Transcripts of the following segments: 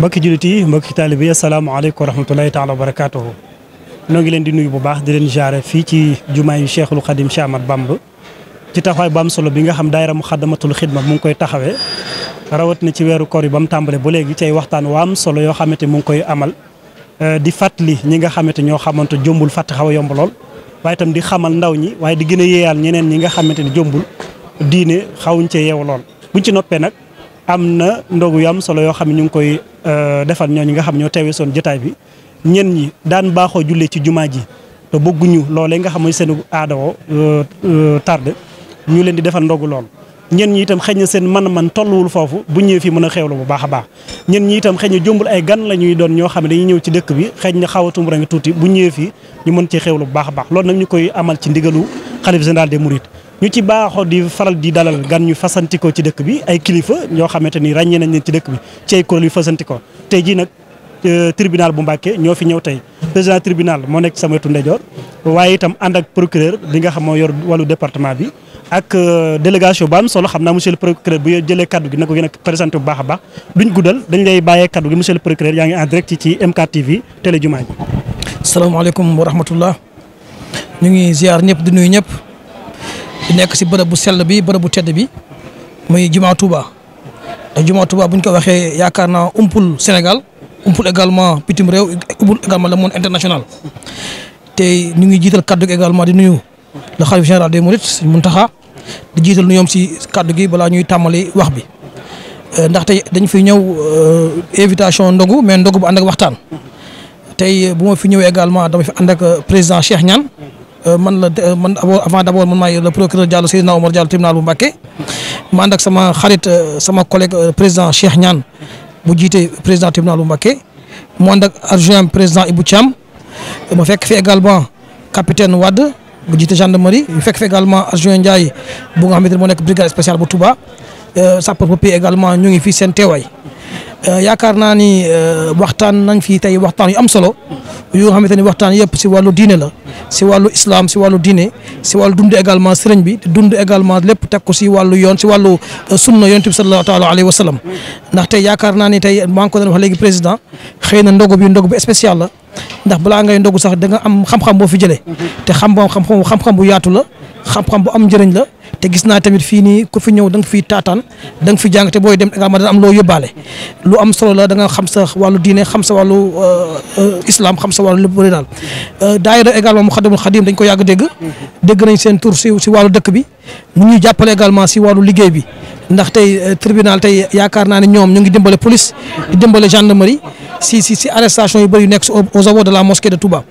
mbokki jullit yi mbokki taalibe yi asalaamaaleykum wa rahmatulahi taala wa barakaatuhu noo ngi leen di nuyu bu baax di leen jaare fii ci jumaa yu Cheikhul Khadim Cheikh Ahmad Bamba ci taxawaay bu am solo bi nga xam daayira Muxaddamatul mu ngi koy taxawee rawat na ci weeru koor yi ba mu tàmbale ba léegi ci waxtaan waa am solo yoo xamante mu ngi koy amal eh, di fàttali ñi nga xamante ñoo xamante jombul fàtt xaw yomb lool waaye tam di xamal ndaw ñi waaye di gën a yéeyal ñeneen ñi nga xamante ni jombul diine xawuñ cee yeew lool buñ ci noppee nag am na ndogu yu am solo yoo xam ne ñu ngi koy Euh, defal ñooñu nga xam ñoo teewee soon jotaay bi ñen ñi daan baaxoo jullee ci jumaa ji te bëgguñu loolee nga xam mooy seen aadawoo euh, euh, tarde ñu leen di defal ndogu lool. ñen ñi itam xëy na seen man-man tolluwul foofu bu ñëwee fi mën a xewlu bu baax baax ñen ñi itam xëy ay gan la ñuy doon ñoo xam ne dañuy ñëw ci dëkk bi xëy na xawatum rangi tuuti bu ñëwee fii mën ci xewlu bu baax a baax loolu nag ñu koy amal ci ndigalu xalif général des mourides ñu ci baaxoo di faral di dalal gan ñu fasantikoo ci dëkk bi ay kilifa ñoo xamante ni ràññee nañ leen ci dëkk bi ci ay kuréel yu fasantikoo tey jii nag euh, tribunal bu Mbàkke ñoo fi ñëw tey président tribunal moo nekk sama wetu ndeyjoor waaye itam ànd ak procureur bi nga xam moo yor wallu département bi ak euh, délégation bu am solo xam naa monsieur le procureur bu jëlee kaddu gi na ko gën a présenté bu baax a baax duñ guddal dañ lay bàyyee kaddu gi monsieur le procureur yaa ngi en direct ci MKTV télé jumaa ji. salaamaaleykum wa rahmatullah ngi ziar ñëpp di nuyu ñëpp. di nekk si bërëb bu sell bi bërëb bu tedd bi muy jumaa Touba te jumaa Touba bu ñu ko waxee yaakaar naa umpul Sénégal umpul également bitim réew umpul également le monde international te ñu ngi jiital kaddu gi également di nuyu le khalife général des Mourides Serigne Mountakha di jiital nuyoom si kaddu gi balaa ñuy tàmmali wax bi euh, ndaxte dañ fi ñëw euh, invitation ndogu mais ndogu bu ànd waxtaan tey bu ma fi ñëwee également dama fi ànd euh, président Cheikh Niane Euh, man la euh, man avant d' abord man maay le procureur Diallo na Omar Diallo tribunal bu Mbacké ma ànd ak sama xarit euh, sama collègue président Cheikh ñaan bu jiite président tribunal bu Mbacké moo ànd ak adjoint président Ibou Thiam ma fekk fi également capitaine Wade bu jiite gendarmerie mu fekk fi également adjoint Ndiaye bu nga xamante ne moo nekk brigade spéciale bu tuba sapeur-pompier également ñu ngi fii seen teewaay. Euh, yaakaar naa ni euh, waxtaan nañ fi tey waxtaan yu am solo yoo xamante ni waxtaan yëpp si wàllu diine la si wàllu islam si wàllu diine si wàllu dund également sëriñ bi dund également lépp teg ko si wàllu yoon si wàllu euh, sunna yonent bi sallallahu taala alayhi wa sallam ndax tey yaakaar naa ni tey maa ngi ko doon wax léegi président xëy na ndogu bi ndogu bi spécial la ndax balaa ngay ndogu sax da nga am xam-xam boo fi jëlee mm-hmm. te xam-xam xam-xam bu yaatu la xam-xam bu am njëriñ la te gis naa tamit fii nii ku fi ñëw da nga fiy taataan danga nga fi jàng te booy dem également dana am loo yóbbaale lu am solo la da nga xam sa wàllu diine xam sa wàllu euh, euh, islam xam sa wàllu lépp bëri daal euh, daayira également mu xadamul xadim dañ ko yàgg dégg dégg nañ seen tur si si wàllu dëkk bi mu ñuy jàppale également si wàllu liggéey bi ndax tey tribunal tey yaakaar naa ne ñoom ñu ngi dimbale police di dimbale gendarmerie si si si arrestation yu bëri yu nekk aux abords de la mosquée de Touba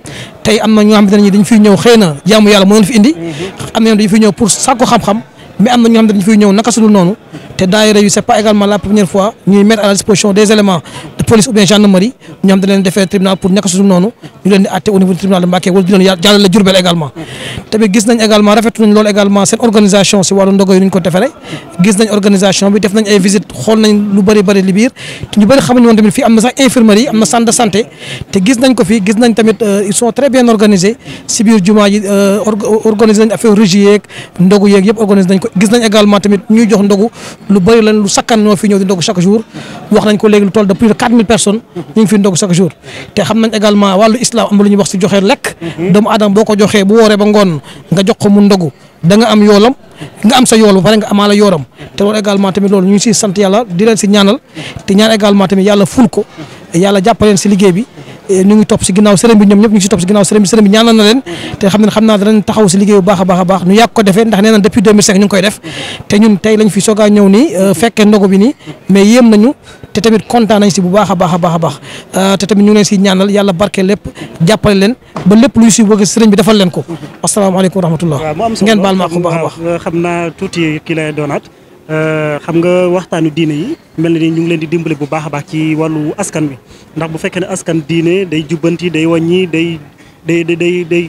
tey am na ñoo xamante ne dañ fiy ñëw xëy na jaamu yàlla moo fi indi mhm. am na dañu fiy ñëw pour sàkku xam-xam mais am na ñoo xam ne dañu fiy ñëw noonu te daayira yu c'est pas également la première fois ñuy mettre à la disposition des éléments de police ou bien gendarmerie ñoo xam ne tribunal pour naka noonu ñu leen di àtte au niveau tribunal de Mbacké wala di leen jàllale Diourbel également tamit gis nañ également rafetlu nañ loolu également seen organisation si wàllu ndogo yi ñu gis nañ organisation def nañ ay visite xool nañ lu bëri gis nañ également tamit ñuy jox ndogu lu bëri lan lu sakkan ñoo fi ñëw di ndogu chaque jour wax nañ ko léegi lu toll de plus de 4000 personnes ñu ngi fi ndogu chaque jour te xam nañ également wàllu islam am lu ñuy wax si joxe lekk doomu aadama boo ko joxee bu wooree ba ngoon nga jox ko mu ndogu da nga am yoolam nga am sa yool ba pare nga amaala yoolam te loolu également tamit loolu ñu ngi siy sant yàlla di leen si ñaanal te ñaan également tamit yàlla ful yàlla jàppaleen si liggéey bi Eh, ñu ngi topp si ginnaaw sëriñ bi ñoom ñëpp ñu ngi si topp si ginnaaw sëriñ bi ñaanal na leen te xam ne xam naa danañ taxaw si liggéey baax a baax a baax ñu yàgg ko defee ndax nee na depuis ñu ngi koy def te eh, kontaan nañ si bu baax a baax a baax a baax eh, te tamit ñu ngi leen si ñaanal yàlla barke lépp jàppale leen ba lépp luy si bëgg sëriñ bi defal leen ko asalaamaaleykum wa rahmatullah ngeen baal ma ko baax a baax xam naa tuuti ki lay Euh, xam nga waxtaanu diine yi mel na ni ñu ngi leen di dimbale bu baax baax ci wàllu askan wi ndax bu fekkee ne askan diine day jubbanti day wañ day day day day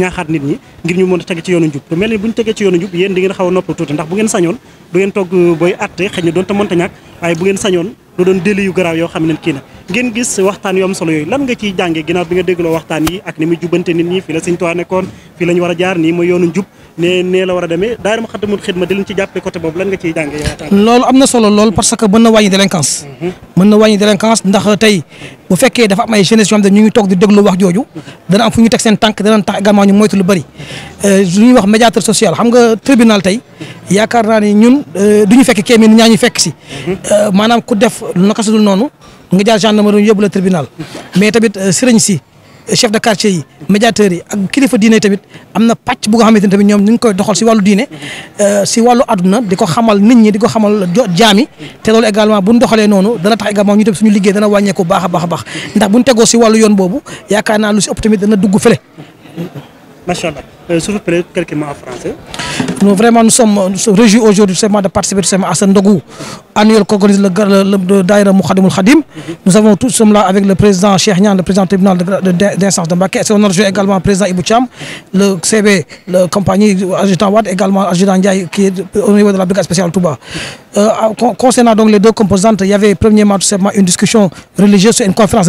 ñaaxaat nit ñi ngir ñu mën a tege ci yoonu njub te mel ni bu ñu tegee ci yoonu njub yéen di ngeen xaw a noppal tuuti ndax bu ngeen sañoon du ngeen togg euh, booy atte xëy na doon ñàkk waaye bu ngeen sañoon du doon déli yu garaaw yoo xam ne kii na ngeen gis waxtaan yu am solo yooyu lan nga ciy jàngee ginnaaw bi nga dégloo waxtaan yi ni muy jubbante nit ñi fii a jaar nii mooy yoonu njub ne nee la war a demee daayira Moukhaddamatoul Khidma di jàppee côté boobu lan nga loolu am na solo lool parce que mën na wàññi délinquance. Mhm. mën na wàññi délinquance ndax tey bu fekkee dafa am ay jeunesse yoo xam ñu ngi toog di déglu wax jooju. dana am fu ñu seen tànk dana tax également ñu lu bëri. Euh, lu ñuy wax médiateur social xam nga tribunal tey yaakaar naa ne ñun euh, du ñu fekk kéemin ñaa ñu fekk si. Mhm. Euh, maanaam ku def naka su dul noonu nga jaar gendarmerie yóbbu la tribunal mhm. mais tamit sëriñ si chef de quartier yi médiateurs yi ak kilifa diine tamit am na pàcc bu nga xamante ne tamit ñoom ñu ngi koy doxal si wàllu diine euh, si wàllu àdduna di ko xamal nit ñi di ko xamal jaami te loolu également buñ doxalee noonu dana tax également ñu tamit suñu liggéey dana wàññeeku baax a baax a baax ndax buñ tegoo si wàllu yoon boobu yaakaar naa lu si ëpp tamit dana dugg fële. macha allah euh, s'il vous Nous sommes, nous sommes réjouis aujourd'hui de participer à ce Ndogou annuel qu'organise le, le, le Daïra Khadim. Nous avons tous sommes là avec le président Cheikh Nian, le président du tribunal d'instance de, Mbaké. On a rejoint également le président Ibou Cham, le compagnie adjudant Wad, également adjudant Ndiaye qui est au niveau de la brigade spéciale Touba. Euh, concernant donc les deux composantes, y avait premièrement tout simplement une une conférence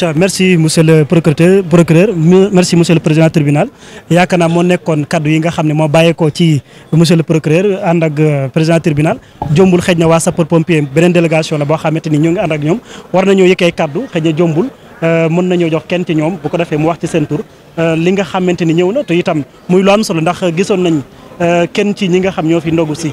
incha merci monsieur le procureur procureur merci monsieur le président tribunal yaakaar moo nekkoon kaddu yi nga xam ne moo bàyyeekoo ci monsieur le procureur ànd ak euh, président tribunal jombul xëj waa sapeur pompier beneen délégation la boo xamante ni ñoo ngi ànd ak ñoom war nañoo yëkkee kaddu xëj na jombul euh, mën nañoo jox kenn ci ñoom bu ko defee mu wax ci seen tur euh, li nga xamante ni ñëw na te itam muy lu am solo ndax gisoon nañ kenn ci ñi nga xam ñoo fi ndogu si